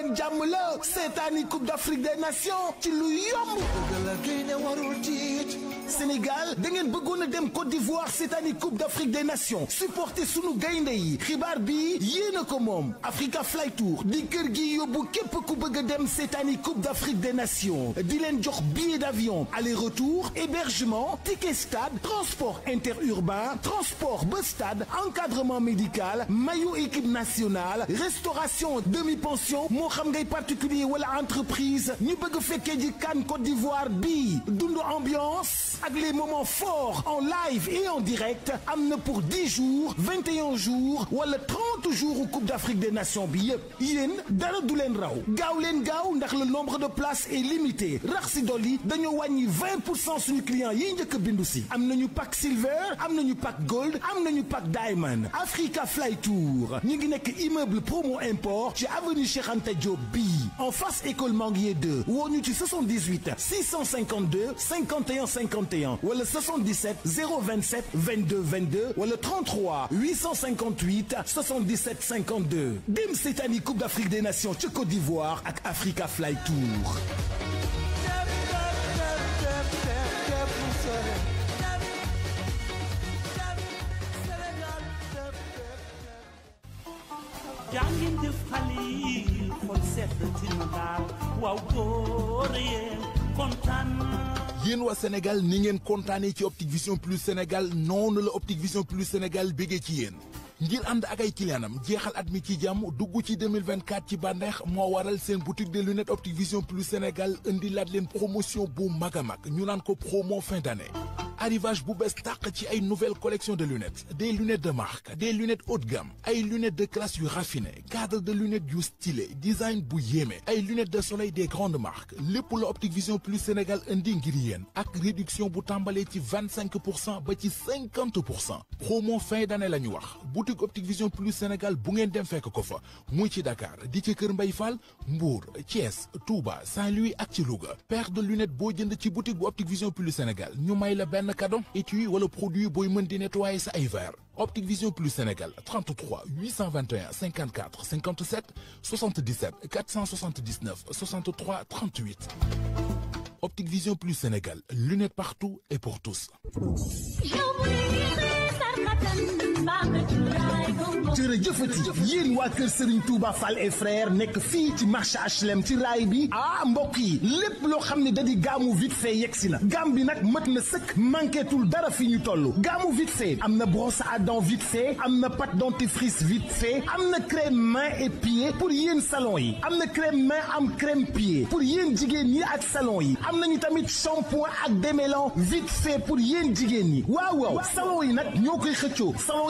seen jàmm la coupe d'Afrique des nations ci lu yomb Sénégal da ngeen bëggoon dem Côte d'Ivoire année coupe d'Afrique des nations supporter sunu gaynde yi xibar bi yéen ko mom. Africa Fly Tour di keur gi yobou kep ku beug dem dem année coupe d'Afrique des nations di len jox billet d'avion aller-retour hébergement ticket stade transport interurbain transport bus stade encadrement médical maillot équipe nationale restauration demi-pension moo xam ngay particulier wala entreprise ñu bëgg que ji CAN Côte d'Ivoire bi. D'une ambiance avec les moments forts en live et en direct am pour 10 jours 21 et un jours wala trente jours au Coupe d'Afrique des Nations bi Yen dans le raw le nombre de places est limité rax si avons 20% sur vingt pour cent suñu clients Yen de bindu si nous pack silver am nous pack gold am nous pack diamond Africa Fly Tour Nous ngi immeuble promo import ci avenue Cheikh en face école Manguier 2 ou en 78 652 51 51 ou le 77 027 22 22 ou le 33 858 77 52 Dim Cetani Coupe d'Afrique des Nations ca Côte d'Ivoire avec Africa Fly Tour. jaa ngeen jëf xale yi xol sedd dina daal waaw góor yéen kontaan yéen waa Sénégal ni ngeen kontaanee ci Optique Vision Plus Sénégal noonu la Optique Vision Plus Sénégal béggee ci yéen ngir ànd ak ay kiliyaanam jeexal at mi ci jàmm dugg ci 2024 ci bànneex moo waral seen boutique de lunettes Optique Vision Plus Sénégal indi laat leen promotion bu mag a mag ñu naan ko promo fin d'année arrivage bu qui a une nouvelle collection de lunettes des lunettes de marque des lunettes haut de gamme ay lunettes de classe raffinée, raffiné cadre de lunettes du style design bu a ay lunettes de soleil des grandes marques Le poule Optic Vision plus Sénégal indigirienne avec réduction bu 25%, ci 50%. ba ci 50% fin d'année la nuit boutique Optique Vision plus Sénégal bu Fekokofa. Mouichi Dakar di ci Mbour Thiès Touba Saint-Louis ak ci paire de lunettes Boudien de ci boutique Optic Optique Vision plus Sénégal ñu may la et tu vois le produit pour nettoyer sa Optique Vision Plus Sénégal 33 821 54 57 77 479 63 38 Optique Vision Plus Sénégal lunettes partout et pour tous jërëjëfati yéen waa kër Serigne Touba Fall et frère nekk fii ci marché HLM ci raay bi ah mbokk yi lépp loo xam ne da gaamu vite fait yegg si na gaam bi nag mët na sëkk manquétul dara fi ñu toll gaamu vite fait am na brosse à dents vite fait am na pâte dentifrice vite fait am na crème main et pied pour yéen salon yi am na crème main am crème pied pour yéen jigéen yi ak salon yi am nañu tamit shampoing ak démêlant vite fait pour yéen jigéen yi waaw waaw salon yi nag ñoo koy xëccoo salon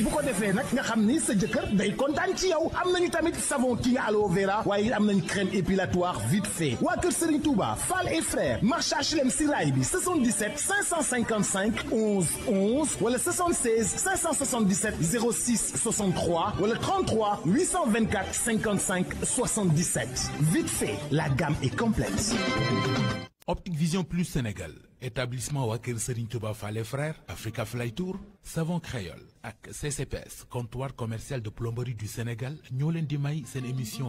bu ko defee nag nga xam ni sa jëkkër day kontaan ci yow am nañu tamit savon king aloe vera waaye am nañu crème épilatoire vite fait waa kër Serigne Touba Fall et frère marché HLM si raay bi 77 555 11 11 wala 76 577 06 63 wala 33 824 55 77 vite fait la gamme est complète. Optique Vision Plus Sénégal établissement Waker Serigne Touba Africa Fly Tour savon créole AC CCPS comptoir commercial de plomberie du Sénégal ñoo di émission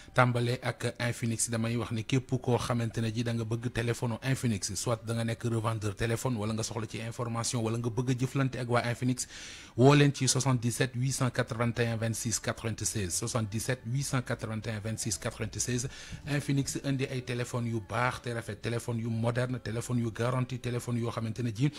tàmbale ak Infinix damay wax ne képp koo xamante ne ji da nga bëgg téléphone Infinix soit da nekk revendeur téléphone wala nga soxla ci information wala nga bëgg a jëflante ak waa Infinix woo leen ci 77 881 26 96 77 881 26 96 Infinix indi ay téléphones yu baax te rafet téléphone yu moderne téléphone yu garanti téléphone yoo xamante ne ji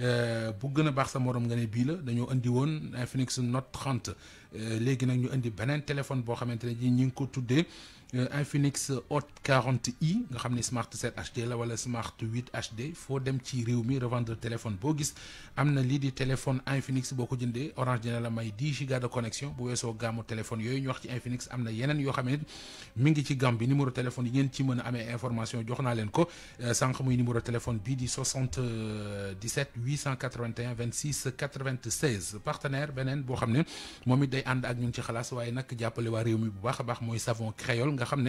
euh, bu gën a baax sa morom nga ne bii la dañoo indi woon Infinix Note 30 Euh, léegi nag ñu indi beneen téléphone boo xamante ne ji ñu ngi ko tuddee Euh, Infinix Hot 40i nga xam Smart 7 HD là wala Smart 8 HD Faut dem ci réew revendre revendeur téléphone boo gis am na di téléphone Infinix boo de Orange dina la may 10 Go de connexion bu gamme de téléphone Il ñu wax ci Infinix am na yeneen yoo xam ne mi ngi ci gàmm bi numéro de téléphone il y ci mën a amee information jox naa leen ko euh, sànq muy numéro téléphone bii di 77 881 26 96 partenaire beneen boo xam ne moom it day and ak ñun ci xalaas waaye nag jàppale waa réew mi bu baax a baax savon créole nga xam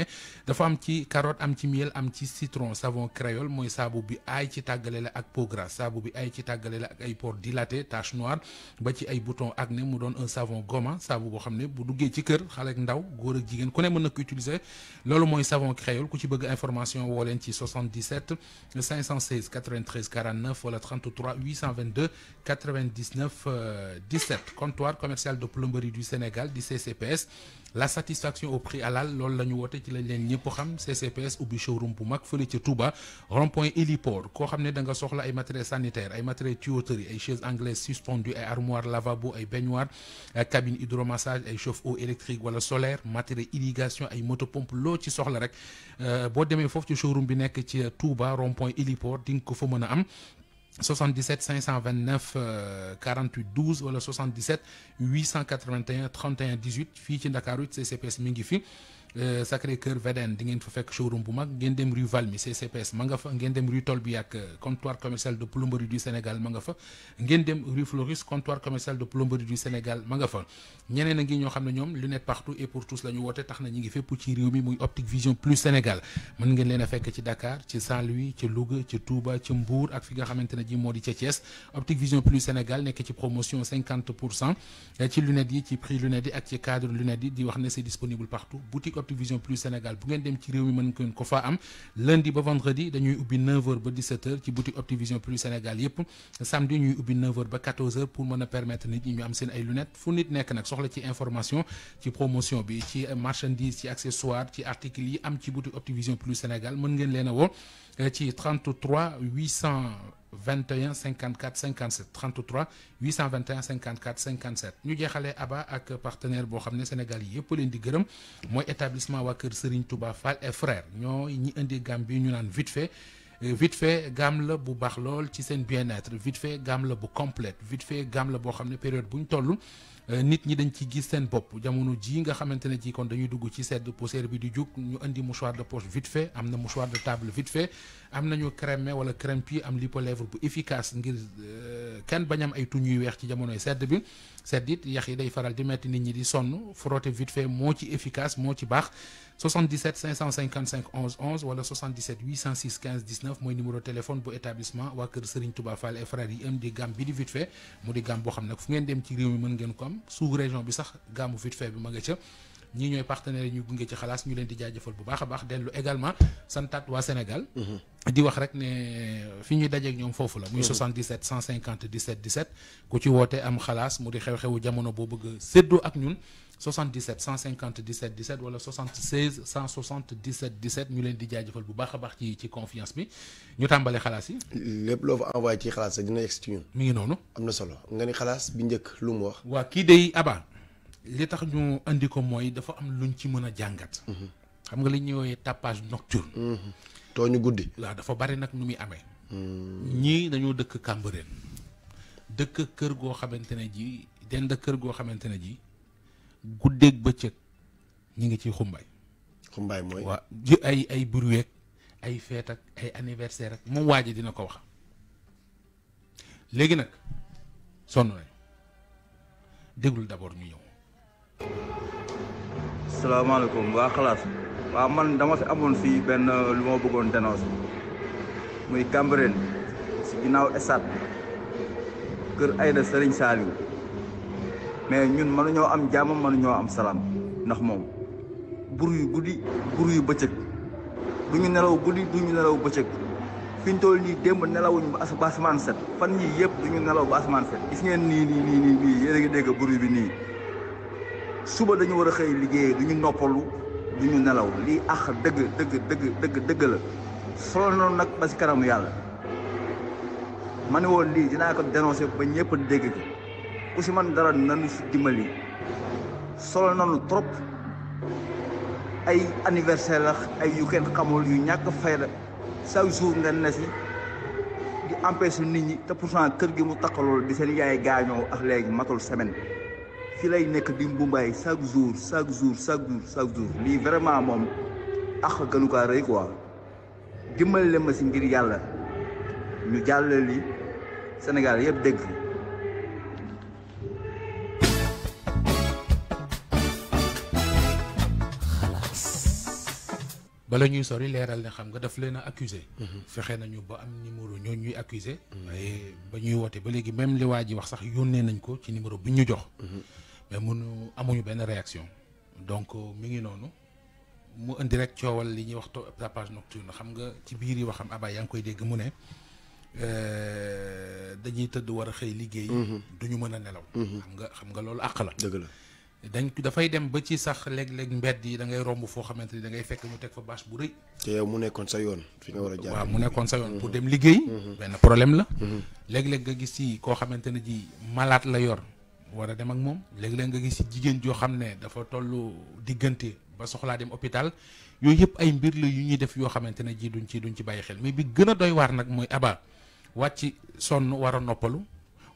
dafa am ci carotte am ci miel am ci citron savon créole moy saabu bi ay ci tàggale la ak peau grasse saabu bi ay ci la ak ay pores dilatés tache noire ba ci ay boutons acné mu un savon goma un savon xam bu duggé ci kër xalé ak ndaw ak jigen ku ne ko utiliser lolu moy savon créole ku ci bëgg information ci 77 516 93 49 wala 33 822 99 17 comptoir commercial de plomberie du Sénégal DCCPS. CCPS la satisfaction au préalable loolu la ñu woote ci lañ leen ñëpp xam CCPS ubbi showroom bu mag feulé ci Touba rond point héliport ko xamné da nga soxla ay matériel sanitaire ay matériel tuyauterie ay chaises anglaises suspendues ay armoire lavabo ay baignoire cabine hydromassage ay chauffe-eau électrique wala solaire matériel irrigation ay motopompe loo ci soxla rek euh, bo démé fofu ci showroom bi nekk ci Touba rond point héliport di nga ko fa mëna am 77 529 48 12 le 77 881 31 18 fi ci CCPS Mingifi euh, Sacré Cœur veden di ngeen fa fekk showroom bu mag ngeen dem rue Valmy CCPS ma nga fa ngeen dem rue Tolbi ak euh, comptoir commercial de plomberie du Sénégal ma nga fa ngeen dem rue Floris comptoir commercial de plomberie du Sénégal ma nga fa ñeneen a ngi ñoo xamne partout et pour tous la nuit, taxna fait ñi ngi fepp ci réew mi Optique Vision plus Sénégal mën ngeen leena a fekk ci Dakar ci Saint-Louis ci Louga ci Touba ci Mbour ak fi nga xamantene ji Thiès Optique Vision plus Sénégal que ci promotion 50 pour cent ci lunettes yi ci prix lunettes yi ak ci cadre lunettes yi di wax c'est disponible partout boutique carte vision plus Sénégal bu ngeen dem ci réew mi mën ko am lundi ba vendredi dañuy ubbi 9h ba 17h ci boutique Optivision plus Sénégal samedi ñuy ubbi 9h ba 14h pour mën permettre nit ñi ñu am seen ay lunettes fu nit nekk nag soxla ci information ci promotion bi ci marchandise ci accessoire ci article yi am ci boutique Optivision plus Sénégal mën ngeen leen a eh, ci 33 800. 21 54 57 33 821 54 57 Nous sommes Aba ak partenaire bo xamné Sénégal yi yëpp leen di gëreum établissement wa keur Serigne Touba Fall et frère Nous ñi indi gam bi ñu vite fait euh, vite fait gamle la bu bax lool ci bien-être vite fait gamme la bu complète vite fait gamle la boo période Euh, nit ñi dañ ci gis seen bopp jamono ji nga xamante ne ci kon dañuy dugg ci sedd poussière bi di jug ñu indi mouchoir de poche vite fait am na mouchoir de table vite fait am nañu crème wala crème puis am lipolèvre bu efficace ngir euh, kenn bañ am ay tuñ yu weex ci jamonoy sedd bi sedd it yax yi day faral di metti nit ñi di sonn frotter vite fait moo ci efficace moo ci baax 77 555 11 11 ou 77 806 15 19 moi numéro de téléphone pour établissement waa kër Serigne Touba Fall et frères yi am di gamme vite fait mu di gamme xam fu ngeen dem ci réew mi mën ngeen ko am sous région bi sax gaamu vite fait bi ma ñii ñooy partenaires ñu gunge ci xalaas ñu leen di jaajëfal bu baax a baax dellu également santaat waa Sénégal mhm. di wax rek ne euh, fi ñuy dajeek ñoom foofu la muy 77 150 17 17 ku ci woote am xalaas mu di xew-xewu jamono boo bëgg séddoo ak ñun 77 150 17 17 wala 76 177 17 ñu leen di jaajëfal bu baax a baax ci ci confiance bi ñu tàmbale xalaas yi. lépp loo fa envoyé ci xalaas rek dina yegg ci ñun. mi ngi noonu. am na solo nga ni xalaas bi njëkk lu mu wax. waa kii day Aba. li tax ñu indi ko mooy dafa am luñ ci mën a jàngat. Mhm. xam nga li ñuy woowee tapage nocturne. Mhm. ñu guddi. waaw dafa bari nag nu muy amee. Mhm. ñii dañoo dëkk Cambérène dëkk kër goo xamante ne ji dend kër goo xamante ne ji guddeeg bëccëg ñu ngi ci xumbaay. xumbaay mooy waa ji ay ay buruweeg ay feet ak ay anniversaire ak moom waa ji dina ko wax léegi nag sonn nañ déglul d'abord ñu ñëw. Assalamualaikum, waalaikumsalam. xalaas waaw man dama fi amoon fii benn lu ma bëggoon muy si eh, ginnaaw esat kër ayda sering Saaliw mais ñun am jàmm mënuñoo am salam. ndax moom bur yu guddi bur yu bëccëg du ñu nelaw guddi du ñu nelaw bëccëg fi manset. toll nii démb nelawuñu ba manset. set fan yii yëpp du ñu nelaw ba asamaan set gis ngeen ni dégg bur bi suba dañu wara xey xëy liggéey duñu noppalu duñu nelaw li ax deug deug deug deug deug la solo non nak ba ci karamu yalla man won li dina ko dénoncé ba ñepp dégg ko ku ci man dara nanu ci dimbali solo non trop ay anniversaire la ay yu kenn xamul yu ñàkk fayda chaque jour nga nasi di empêcher nit ñi te pourtant kër gi mu takkalool di seen yaay gaño ak léegi matul semaine fii lay nekk di mbumbaay chaque jour chaque jour chaque jour chaque jour vraiment moom ax gënu kaa rëy quoi dimbali leen ma si ngir yàlla ñu jàllale li Sénégal yëpp dégg. bala ñuy sori leeral ne xam nga daf leen a accusé mhm. fexe nañu ba am numéro ñoo ñuy accusé mhm. ba ñuy woote ba léegi même li waa ji wax sax yónnee nañ ko ci numéro bi ñu jox mhm. mais nous amuñu benn réaction donc euh, mi ngi noonu mu indi rek coowal li ñuy wax tapage nocturne xam nga ci biir yi waxam abaa yaa ngi koy dégg mu ne euh, dañuy tëdd war a xëy liggéey. Mm-hmm. du mën a nelaw. Mm-hmm. xam nga xam nga loolu àq la. dëgg la dañ dafay dem ba ci sax léeg-léeg mbedd yi da ngay romb foo xamante ni da ngay fekk ñu teg fa bâche bu rëy. te yow mu nekkoon sa yoon. fi nga war a jaar waaw mu nekkoon sa yoon mm-hmm. pour dem liggéey. benn problème la. léeg-léeg nga gis ci koo xamante ne ji malaat la yor. war a dem ak moom léeg-léeg nga gis jigéen joo xam ne dafa toll diggante ba soxlaa dem hôpital yooyu yëpp ay mbir la yu ñuy def yoo xamante ne ji duñ ci duñ ci bàyyi xel mais bi gën a doy waar nag mooy aba wàcc sonn war a noppalu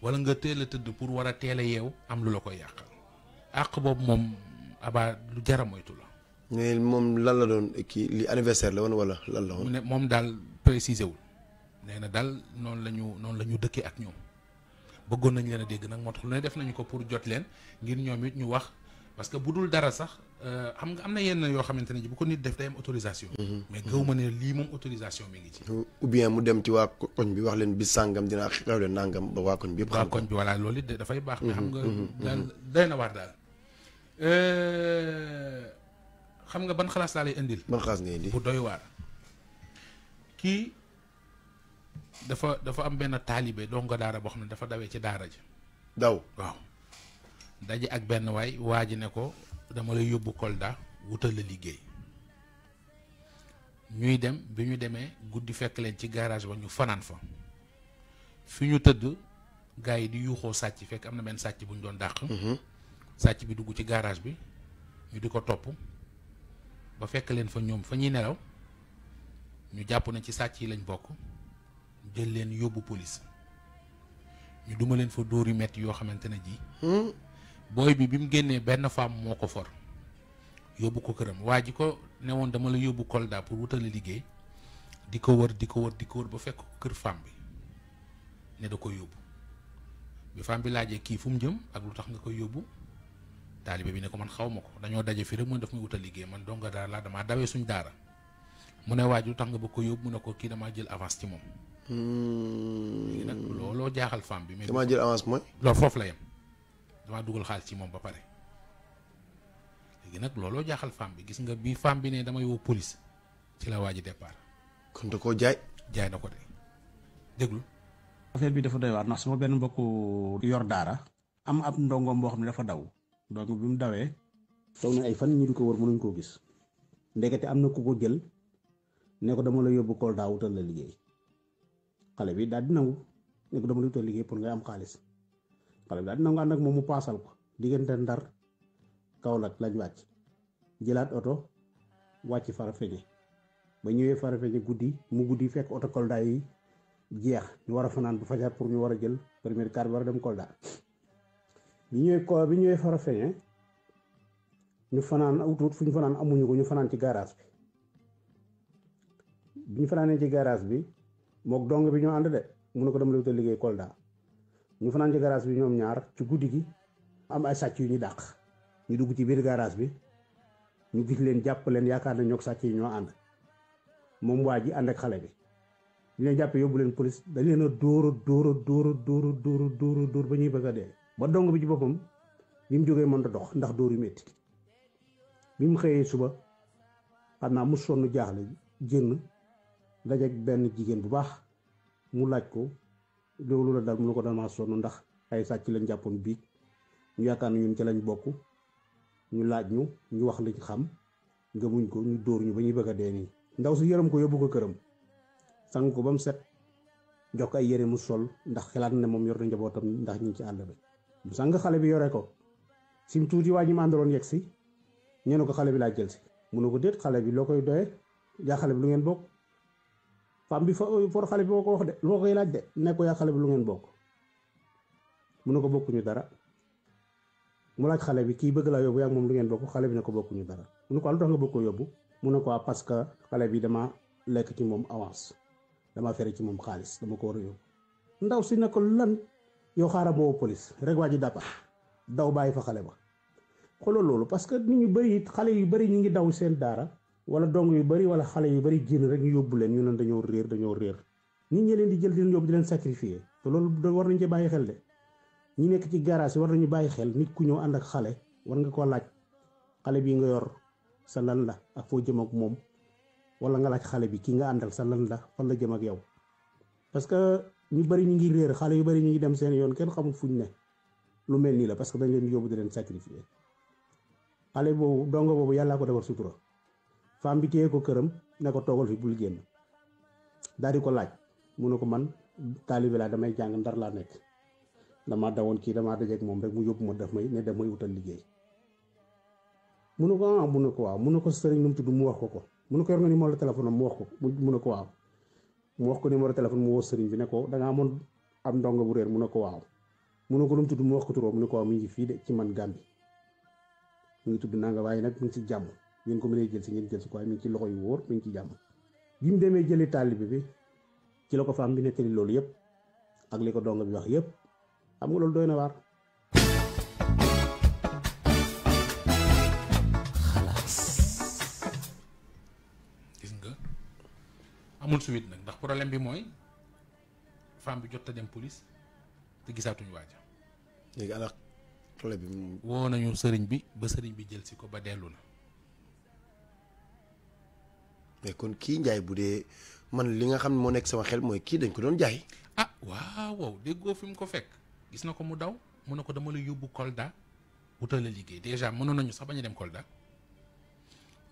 wala nga teel a tëdd pour war a teel a yeew am lu la koy yàqal àq boobu moom aba lu jara moytu la. mais moom lan la doon kii li anniversaire la woon wala lan la woon. ne moom daal précisé wul nee na daal noonu la ñu noonu la ñu dëkkee ak ñoom. bëggoon nañ leen a dégg nag moo tax lu ne def nañu ko pour jot leen ngir ñoom it ñu wax parce que bu dul dara sax euh, xam nga am na yenn yoo xamante ne bu ko nit def day am autorisation. Mhm. mais gëw ma ne lii moom autorisation mi ngi ci. ou bien mu dem ci waa koñ bi wax leen bis sàngam dinaa xew leen nangam ba waa koñ bi yëpp. waa koñ bi voilà loolu dafay baax. mais xam mhm, nga mhm, daal day na waar daal. Euh, xam nga ban xalaas laa lay indil. ban xalaas ngay indi bu doy waar dafa dafa am benn taalibe dongo daara boo xam ne dafa dawee ci daara ji. daw waaw. daje ak benn waay waa ji ne ko dama lay yóbbu Kolda wutal la liggéey ñuy dem bi ñu demee guddi fekk leen ci garage ba ñu fanaan fa fi ñu tëdd gars yi di yuuxoo sàcc fekk am na benn sàcc bu ñu doon dàq. Mm-hmm. sàcc bi dugg ci garage bi ñu di ko topp ba fekk leen fa ñoom fa ñuy nelaw ñu jàpp na ci sàcc yi lañ bokk. jël leen yóbbu police ñu duma leen fa dóor yu metti yoo xamante ne ji. Hmm? booy bi bi mu génnee benn femme moo ko for yóbbu ko këram waa ji ko ne woon dama la yóbbu Kolda pour wutale liggéey di ko wër di ko wër di ko wër ba fekk kër femme bi ne da ko yóbbu bi femme bi laajee kii fu mu jëm ak lu tax nga koy yóbbu taalibe bi ne ko man xaw ma ko dañoo daje fi rek mën daf muy wutal liggéey man donga daara laa damaa dawee suñ daara mu ne waa ji lu tax nga bëgg ko mu ne ko kii jël avance ci moom Hmm. léegi nag looloo jaaxal femme bi. mais damaa jël avance mooy. loolu foofu la yem damaa dugal xaalis ci moom ba pare léegi nag looloo jaaxal femme bi gis nga bi femme bi ne damay woo police ci la waa départ. kon da koo jaay. jaay na ko déglu. affaire bi dafa doy waar ndax suma benn mbokku yor daara. am ab ndongoom boo xam ne dafa daw. donc bi mu dawee. toog na ay fan ñu di ko wër mënuñ koo gis. ndekete am na ku ko jël ne ko dama la yóbbu Kolda wutal la liggéey xale bi daal di nangu ne ko dama lutoo liggéey pour nga am xaalis xale bi daal di nangu ànd ak moom mu paasal ko diggante ndar Kaolack lañ wàcc jëlaat oto wàcc Farafeñe ba ñëwee Farafeñe guddi mu guddi fekk oto Kolda yi jeex ñu war a fanaan bu fajar pour ñu war a jël premier car war a dem Kolda bi ñëwee ko bi ñëwee Farafeñe ñu fanaan wutut fu ñu fanaan amuñu ko ñu fanaan ci garage bi bi ñu fanaanee ci garage bi mok dong bi ñu and de mu ne ko dem lewte liggey Kolda ñu nañ ci garage bi ñom ñaar ci guddi gi am ay sàcc yu ñu ñu dugg ci bir garage bi ñu gis leen japp leen yaakaar na ñok sàcc yi ñoo and mom waaji and ak xalé bi ñu leen japp yobul leen police dañ leen door door door door door door door dóor ba ñuy bëgg de ba dong bi ci bopam bimu joge jógee mën dox ndax door yu metti bimu mu suba xamna mu sonu jaaxle génn dajeeg benn jigéen bu baax mu laaj ko loolu la dal mu ne ko dama sonn ndax ay sàcc lañ jàppoon biig ñu yaakaar ne ñun ca lañ bokk ñu laaj ñu ñu wax liñ xam gëmuñ ko ñu dóor ñu ba ñuy bëgg a dee nii ndaw si yërëm ko yóbbu ko këram sang ko ba mu set jox ko ay yére mu sol ndax xelaat na moom yor na njabootam ndax ñu ci ànd bi mu sang xale bi yore ko sim tuuti waa ñi ma àndaloon yegg si ñu ne ko xale bi laa jël si mu ne ko déet xale bi loo koy doye xale bi lu ngeen bokk fam bi for xale bi boko wax de lo koy laaj de ne ko ya xale bi lu ngeen bok mu ne ko ñu dara mu laaj xale bi ki bëgg la yobbu yak mom lu ngeen bokk xale bi ne ko ñu dara mu ne ko ah, lu nga bokku yobbu mu ne ko ah, parce que xale bi dama lek ci mom avance dama féré ci mom xaaliss dama ko wara a ndaw si ne ko lan yow xara bo police rek waji dapa daw bàyyi fa xale ba xolo lolu parce que nit ñu bari xale yu bari ñu ngi daw seen dara wala dong yu bari wala xale yu bari génn rek ñu yóbbu leen ñu ne dañoo réer dañoo réer nit ñi leen di jël di leen yóbbu di leen sacrifier te loolu war nañ ci bàyyi xel de ñi nekk ci garage war nañu bàyyi xel nit ku ñëw ànd ak xale war nga ko laaj xale bi nga yor sa lan la ak foo jëm ak moom wala nga laaj xale bi ki nga àndal sa lan la fan la jëm ak yow parce que ñu bari ñu ngi réer xale yu bari ñu ngi dem seen yoon kenn xamul fuñ ne lu mel la parce que dañ leen yóbbu di leen sacrifier xale boobu dongo boobu yàllaa ko defar sutura fam bi ko këram ne ko togol fi bul génn dal di ko laaj mu ko man talibé la damay jang ndar la nek dama dawon ki dama ak mom rek mu yobuma daf def may ne damay wutal liggéey mu ko ah mu ko waaw mu ne ko sëriñ nu mu mu wax ko ko mu ko yor nga numéro téléphone mu wax ko mu ko waaw mu wax ko numéro téléphone mu wo sëriñ bi ne ko da nga amoon am ndonga bu réer mu ko waaw mu ko mu mu wax ko turam mu ko ngi fi de ci man gambi mu ngi tuddu nanga waye nak mu ngi ci jamm ngeen ko mënee jël si ngeen jël si ko waaye mi ngi ci loxo yu wóor mi ngi ci jàmm bi mu demee jëli taalib bi ci la ko faam bi nettali loolu yëpp ak li ko donga bi wax yëpp xam loolu doy na waar. xalaas. amul suite nag ndax poroblème bi mooy femme bi jot a dem polis te gisaatuñu waaja léegi ala bi mu woo nañu sëriñ bi ba sëriñ bi jël si ko ba dellu na. mais kon kii njaay bu dee man li nga xam ne moo nekk sama xel mooy kii dañ ko doon jaay. ah waaw waaw déggoo fi mu ko fekk gis na ko mu daw mun ne ko dama la yóbbu Kolda wutal la liggéey déjà mënoon nañu sax bañ a dem Kolda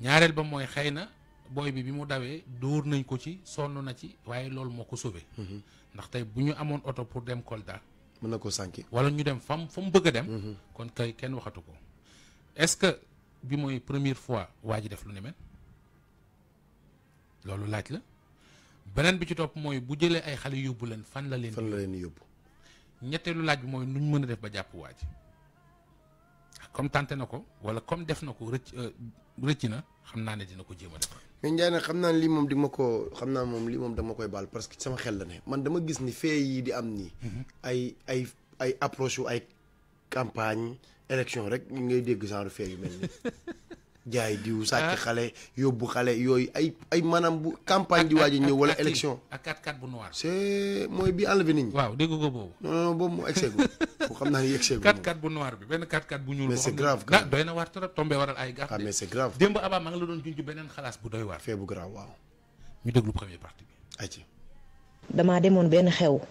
ñaareel ba mooy xëy na booy bi bi mu dawee dóor nañ ko ci sonn na ci waaye loolu moo ko sauvé. Mhm. ndax tey bu ñu amoon oto pour dem Kolda. mën na ko sànki wala ñu dem fam fa mu bëgg a dem. Mhm. kon kay kenn waxatu ko est-ce que bi mooy première fois waa ji def lu ne mel. loolu laaj la beneen bi ci topp mooy bu jëlee ay xale yóbbu leen fan la leen. fan la leen yóbbu. ñetteelu laaj bi mooy ñu mën a def ba jàpp waa ji comme tànte na ko wala comme def na ko rëcc euh, rëcc na xam naa ne dina ko jéem a def. mais Ndiaye nag xam naa ne moom di ma ko xam naa moom lii moom dama koy baal parce que sama xel la ne man dama gis ni fee yi di am nii. Mhm. ay ay ay approche yu ay campagne élection rek ngay dégg genre fee yu mel nii. jaay diw sàcc ah. xale yóbbu xale yooyu ay ay maanaam bu campagne di waaj a ñëw wala élection ak quatre quatre bu noir c'est mooy bi enlevé nit ñi waaw dégg ko boobu non non boobu mu egseegu bu xam naa ni egseegu quatre quatre bu noir bi benn quatre quatre bu ñuul mais c'est grave ah, doy na waar trop tombé waral ay gaf ah mais c'est grave démb abaa ma nga damaa demoon benn xew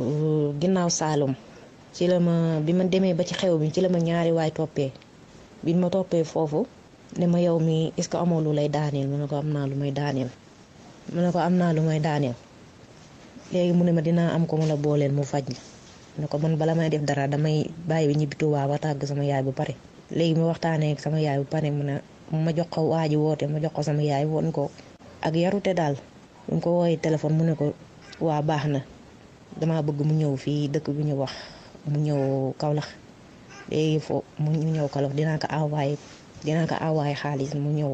euh, ginnaaw Saalum ci la ma bi ma demee ba ci xew bi ci la ma ñaari waay toppee biñ ma toppee foofu ne ma yow mii est-ce que amoo lu lay daaneel mu ne ko am naa lu may daaneel mu ne ko am naa lu may daaneel léegi mu ne ma dinaa am ko mu la booleel mu faj la ne ko man bala may def dara damay bàyyi bi ñibbi Tuubaa ba tàgg sama yaay bu pare léegi mu waxtaanee sama yaay bu pare mu ne ma jox ko waa ji woote ma jox ko sama yaay woon ko ak yarute daal mu ko woowee téléphone mu ne ko waa baax na damaa bëgg mu ñëw fii dëkk bi ñu wax mu ñëw Kaolack Eh, léegi foo mu ñëw Kaolack dinaa ko envoyé dinaa ko envoyé xaalis mu ñëw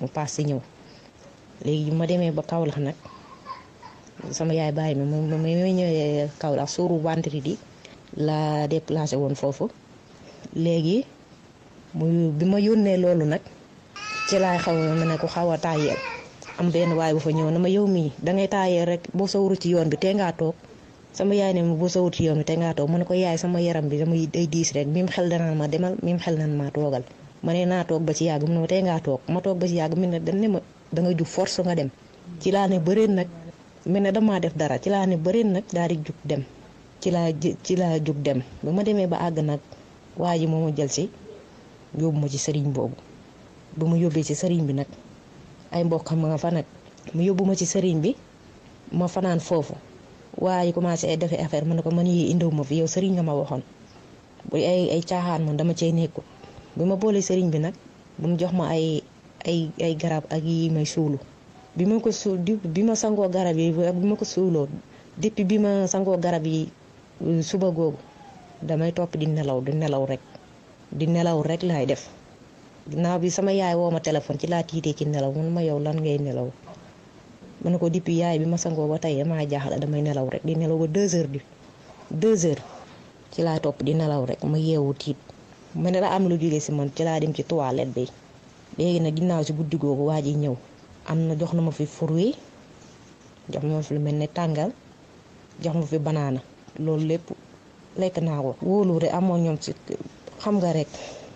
mu passé ñëw léegi ma demee ba kaw lax nag sama yaay bàyyi ma ma ma ma ñëwee Kaolack suuru vendredi la déplacé woon foofu léegi mu bi ma yónnee loolu nag ci laay xaw ma ne ku xaw a taayeel am benn waay bu fa ñëw na ma yow mii dangay taayeel rek boo sawru ci yoon bi te ngaa toog. sama yaay ne ma boo sa wut yoon wi te ngaa toog ma ne ko yaay sama yaram bi damay day diis rek mim xel danaan ma demal mim xel nan ma toogal ma ne naa toog ba ci yàgg mu ne ma tey ba ci yàgg mu ne dañ ne ma da nga jug dem ci laa ne bëri nag mu ne damaa def dara ci laa ne nag daal di jug dem ci laa ci laa jug dem ba ma demee ba àgg nag waa ji moo ma jël si yóbbu ci sëriñ boobu ba ma yóbbee ci sëriñ bi nag ay mbokk ma nga fa nag mu yóbbu ma ci sëriñ bi ma fanaan foofu waaye commencé defee affaire man ne ko man yii indiw ma fi yow sëriñ nga ma waxoon bu ay ay caaxaan moom dama cey nekku bi ma boole sëriñ bi nag bu jox ma ay ay ay garab ak yi may suulu bi ma ko suul bi ma sangoo garab yi ma ko suuloo depuis bi ma sangoo garab yi euh, suba googu damay topp di nelaw di nelaw rek di nelaw rek laay def ginnaaw bi sama yaay woo ma téléphone ci laa tiitee ci nelaw mun ma yow lan ngay nelaw ma ne ko depuis yaay bi ma sangoo ba tey damaa jaaxle damay nelaw rek di nelaw ba deux heures di deux heures ci laa topp di nelaw rek ma yeewu tiit ma ne la am lu jógee si man ci laa dem ci toilette bi léegi nag ginnaaw si guddi googu waa ji ñëw am na jox na ma fi fruit jox na ma fi lu mel ne tàngal jox ma fi banaana loolu lépp lekk naa ko wóolu rek amoon ñoom si xam nga rek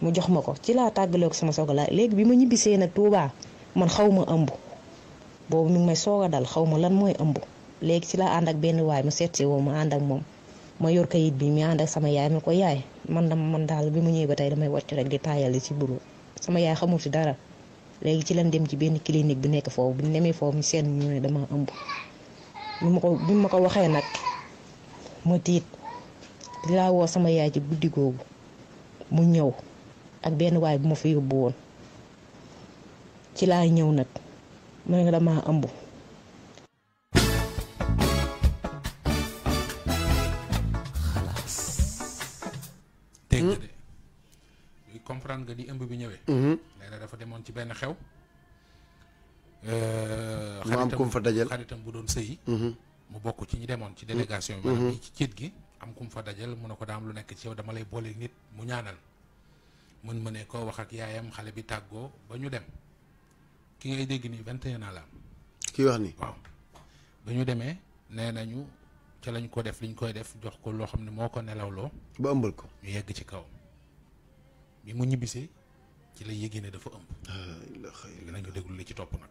mu jox ma ko ci laa tàggaleeku sama laa léegi bi ma ñibbisee nag Tuubaa man xaw ma ëmb. boobu mu ngi may soog a dal xaw ma lan mooy ëmb léegi ci laa ànd ak benn waay mu seet si woo ma ànd ak moom ma yor kayit bi mi ànd ak sama yaay ma ko yaay man dama man daal bi mu ñëwee ba tey damay wàcc rek di taayal ci buru sama yaay xamul ci dara léegi ci lañ dem ci benn clinique bi nekk foofu bi ñu demee foofu seen ñu ne dama ëmb ma ko waxee nag ma tiit woo sama yaay ci guddi googu mu ñëw ak benn waay bu ma fi yóbbu woon ci laa ñëw nag. mooy nga dama ëmb xalaas dégg de luy comprendre nga ni ëmb bi ñëwee nee na dafa demoon ci benn xew mu mhm. mhm. am kum fa dajal xaritam bu doon sëyi mu bokk ci ñi demoon ci délégation bi maanaam ci ciit gi am kum fa dajal mu ne ko daam lu nekk ci yow dama lay boole nit mu ñaanal mun ma ne wax ak yaayam xale bi tàggoo ba ñu dem ki ngay dégg nii vingt et un la am. kii wax ni waaw. ba ñu demee nee nañu ca lañ ko def liñ koy def jox ko loo xam ne moo ko nelawloo. ba ëmbal ko ñu yegg ci kawam bi mu ñibbisee ci la yëgee dafa ëmb. léegi nañu déglu li ci topp nag.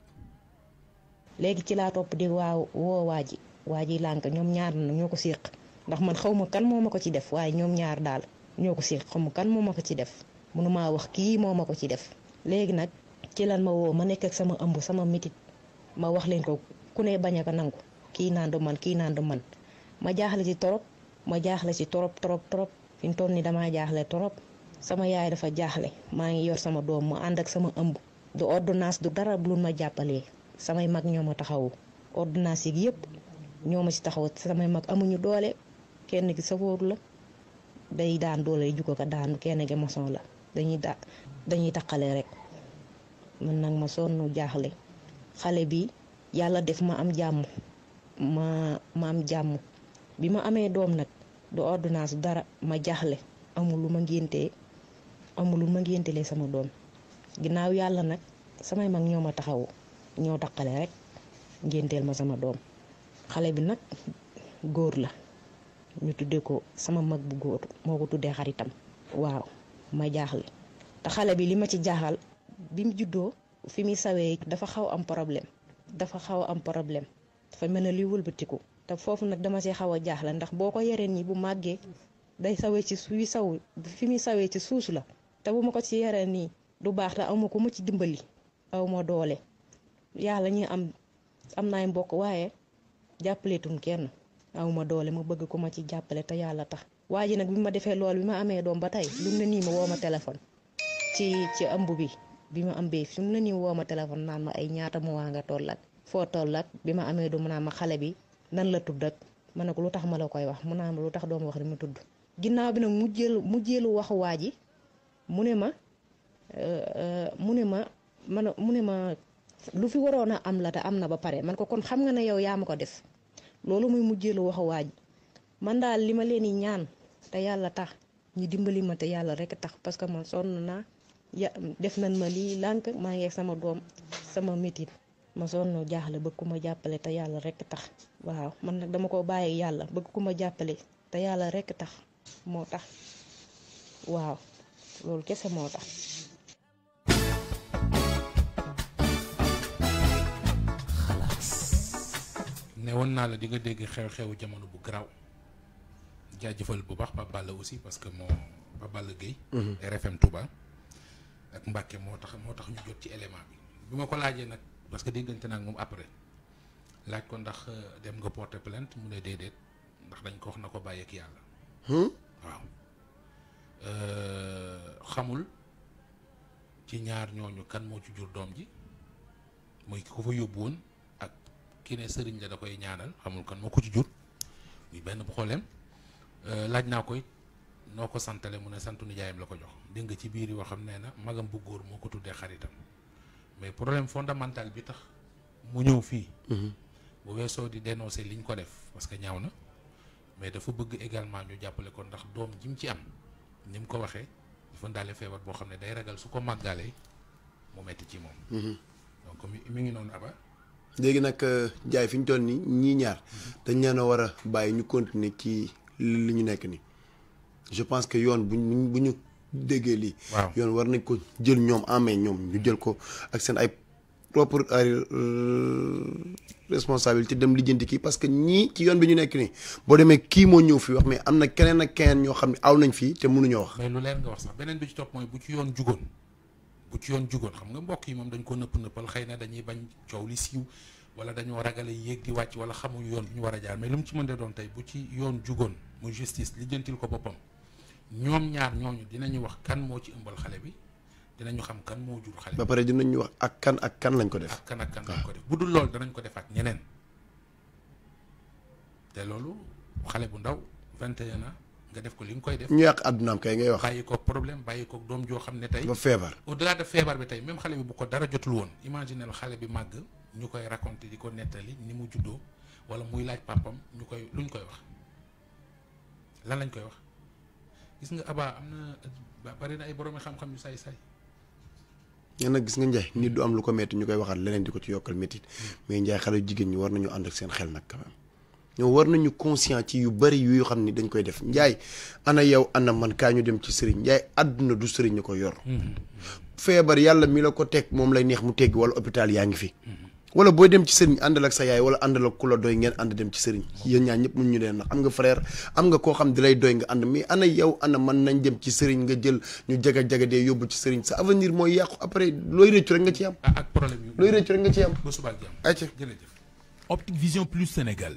léegi ci laa topp di waaw woo waa ji waa ji lànk ñoom ñaar na ñoo ko séq ndax man xaw ma kan moo ma ko ci def waaye ñoom ñaar daal ñoo ko séq xaw ma kan moom ma ko ci def mënumaa wax kii moo ma ci def léegi nag ci lan ma woo ma nekk ak sama ëmb sama mitit ma wax leen ko ku ne bañ a ko nangu kii naan du man kii naan du man ma jaaxle ci torop ma jaaxle si torop torop torop fi mu toll nii damaa jaaxle torop sama yaay dafa jaaxle maa ngi yor sama doom ma ànd ak sama ëmb du ordonnance du dara lu ma jàppalee samay mag ñoo ma taxawu ordonnance yëpp ñoo ci taxaw samay mag amuñu doole kenn ki safooru la day daan doole yi ko daanu kenn gi maçon la dañuy da dañuy taqale rek man nag ma sonn jaaxle xale bi yàlla def ma am jàmm ma ma am jàmm bi ma amee doom nag du ordonnance dara ma jaaxle amul lu ma ngéntee amul lu ma ngéntelee sama doom ginnaaw yàlla nag samay mag ñoo ma taxawu ñoo taqale rek ngénteel ma sama doom xale bi nag góor la ñu tuddee ko sama mag bu góor moo ko tuddee xaritam waaw ma jaaxle te xale bi li ma ci jaaxal bi mu juddoo fi muy sawee dafa xaw am problème dafa xaw am problème dafa mel ne luy wëlbatiku te foofu nag dama see xaw a jaaxle ndax boo ko yaree nii bu màggee day sawee ci suy saw fi muy sawee ci suus la te bu ma ko ci yaree nii du baax te awma ko ma ci dimbali aw ma doole yàlla ñi am am naay mbokk waaye jàppaleetum kenn aw ma doole ma bëgg ko ma ci jàppale te yàlla tax waa ji nag bi ma defee lool bi ma amee doom ba tey lu ne nii ma woo ma téléphone ci ci ëmb bi Bima am be fim la ni woo ma téléphone naan ma ay ñaata mo wa nga tollat fo tollat bima amé du mëna ma xalé bi nan la tudd ak mané ko lutax tax ma la koy wax mu naa ma lu tax ma wax ni ma tudd ginnaw bi nag mu jël mu jël wax waaji mune ma euh mune ma man mune ma lu fi waroon am la ta amna ba paré man ko kon xam nga ne yow yaa ko def lolu muy mu wax man dal lima ma ñaan ta yalla tax ñi dimbali ma ta yalla rek tax parce que man sonna ya def nañ ma lii lànk maa ngi sama doom sama métit ma sonn jaaxle bëgg ku ma jàppale te yàlla rekk tax waaw man nag dama ko bàyyi yàlla bëgg ku ma jàppale te yàlla rekk tax moo tax waaw loolu kese moo tax ne woon naa la dinga nga dégg xew-xewu jamono bu graw jaajëfal bu baax Pape Balla aussi parce que moo Pape Balla Gueye RFM mm-hmm. Touba ak Mbàkke moo tax moo tax ñu jot ci élément bi bi ma ko laajee nag parce que déggante naa ak moom après laaj ko ndax euh, dem nga porter plainte mu ne déedéet ndax dañ ko wax na ko bàyyi ak yàlla. Hmm? waaw euh, xamul ci ñaar ñooñu kan moo ci jur doom ji muy ku fa yóbbu woon ak ki ne sëriñ la da koy ñaanal xamul kan moo ko ci jur muy benn problème euh, laaj naa koy noo ko santale mu ne santu nijaayam la ko jox dégg nga ci biir yoo xam nee na magam bu góor moo ko tuddee xaritam mais problème fondamentale bi tax mu ñëw fii mhm. bu weesoo di dénoncer liñ ko def parce que ñaaw na mais dafa bëgg également ñu jàppale ko ndax doom ji mu ci am ni mu ko waxee dafa ndaale feebar boo xam ne day ragal su ko màggalee mu metti ci moom mhm. donc mi ngi noonu aba léegi nag jaay euh, fi ñu toll nii ñii ñaar mhm. dañ leen a war a bàyyi ñu continuer ci li ñu nekk nii je pense que yon bu ñu bu ñu war nañ ko jël nyom amé main ñu jël ko ak sen ay propre euh, responsabilité dem lijjanti ki parce que ñi ci yon bi ñu nekk nii boo demee kii moo fi wax mais am na keneen ak keneen ño xamni aw nañ té te ñu wax. mais lu leer nga wax sax benen bi ci top moy bu ci yon jugoon bu ci yoon jugoon xam nga mbokk yi mom dañ ko nëpp nëppal xeyna na dañuy bañ coow li siiw. wala dañu ragalé yéeg di wàcc wala xamu yoon ñu wara jaar mais lu mu ci mën de doon tay bu ci yoon jugoon muy justice lijjantil ko boppam ñoom ñaar ñooñu dinañu wax kan moo ci ëmbal xale bi dinañu xam kan moo jur xale bi. ba pare dinañu wax ak kan ak kan lañ ko def. ak kan ak kan ko def bu dul loolu danañ ko defaat ñeneen te loolu xale bu ndaw 21 ans nga def ko li nga koy def. ñu yàq àddunaam kay ngay wax. bàyyi ko problème bàyyi ko doom joo xam ne tey. ba feebar au delà de bi tey même xale bi bu ko dara jotul woon. imaginel xale bi màgg ñu koy raconté di ko nettali ni mu juddoo wala muy laaj papam ñu koy luñ koy wax lan lañ koy wax. gis nga abaa am na bari na ay borom xam-xam yu saay saay. ñan nag gis nga Ndiaye nit du am lu ko metti ñu koy waxaat leneen di ko ci yokkal métit mais Ndiaye xale jigéen ñi war nañu ànd ak seen xel nag quand même war nañu conscient ci yu bari yu xam ni dañ koy def njaay ana yow ana man kaa ñu dem ci sëriñ Ndiaye àdduna du sëriñ ñu ko yor. Mm-hmm. feebar yàlla mi la ko teg moom lay neex mu teggi wala hôpital yaa ngi fi. Mm-hmm. wala booy dem ci sëriñ àndal ak sa yaay wala àndal ak ku la doy ngeen ànd dem ci sëriñ yéen ñaar ñëpp mun ñu leen ndax am nga frère am nga koo xam di lay doy nga ànd mais ana yow ana man nañ dem ci sëriñ nga jël ñu jaga jaga dee yóbbu ci sëriñ sa avenir mooy yàqu après looy rëccu rek nga ci am. Ah, ak problème yu looy rëccu rek nga ci am. ba subaa jàmm. ayca jërëjëf. Optique Vision Plus Sénégal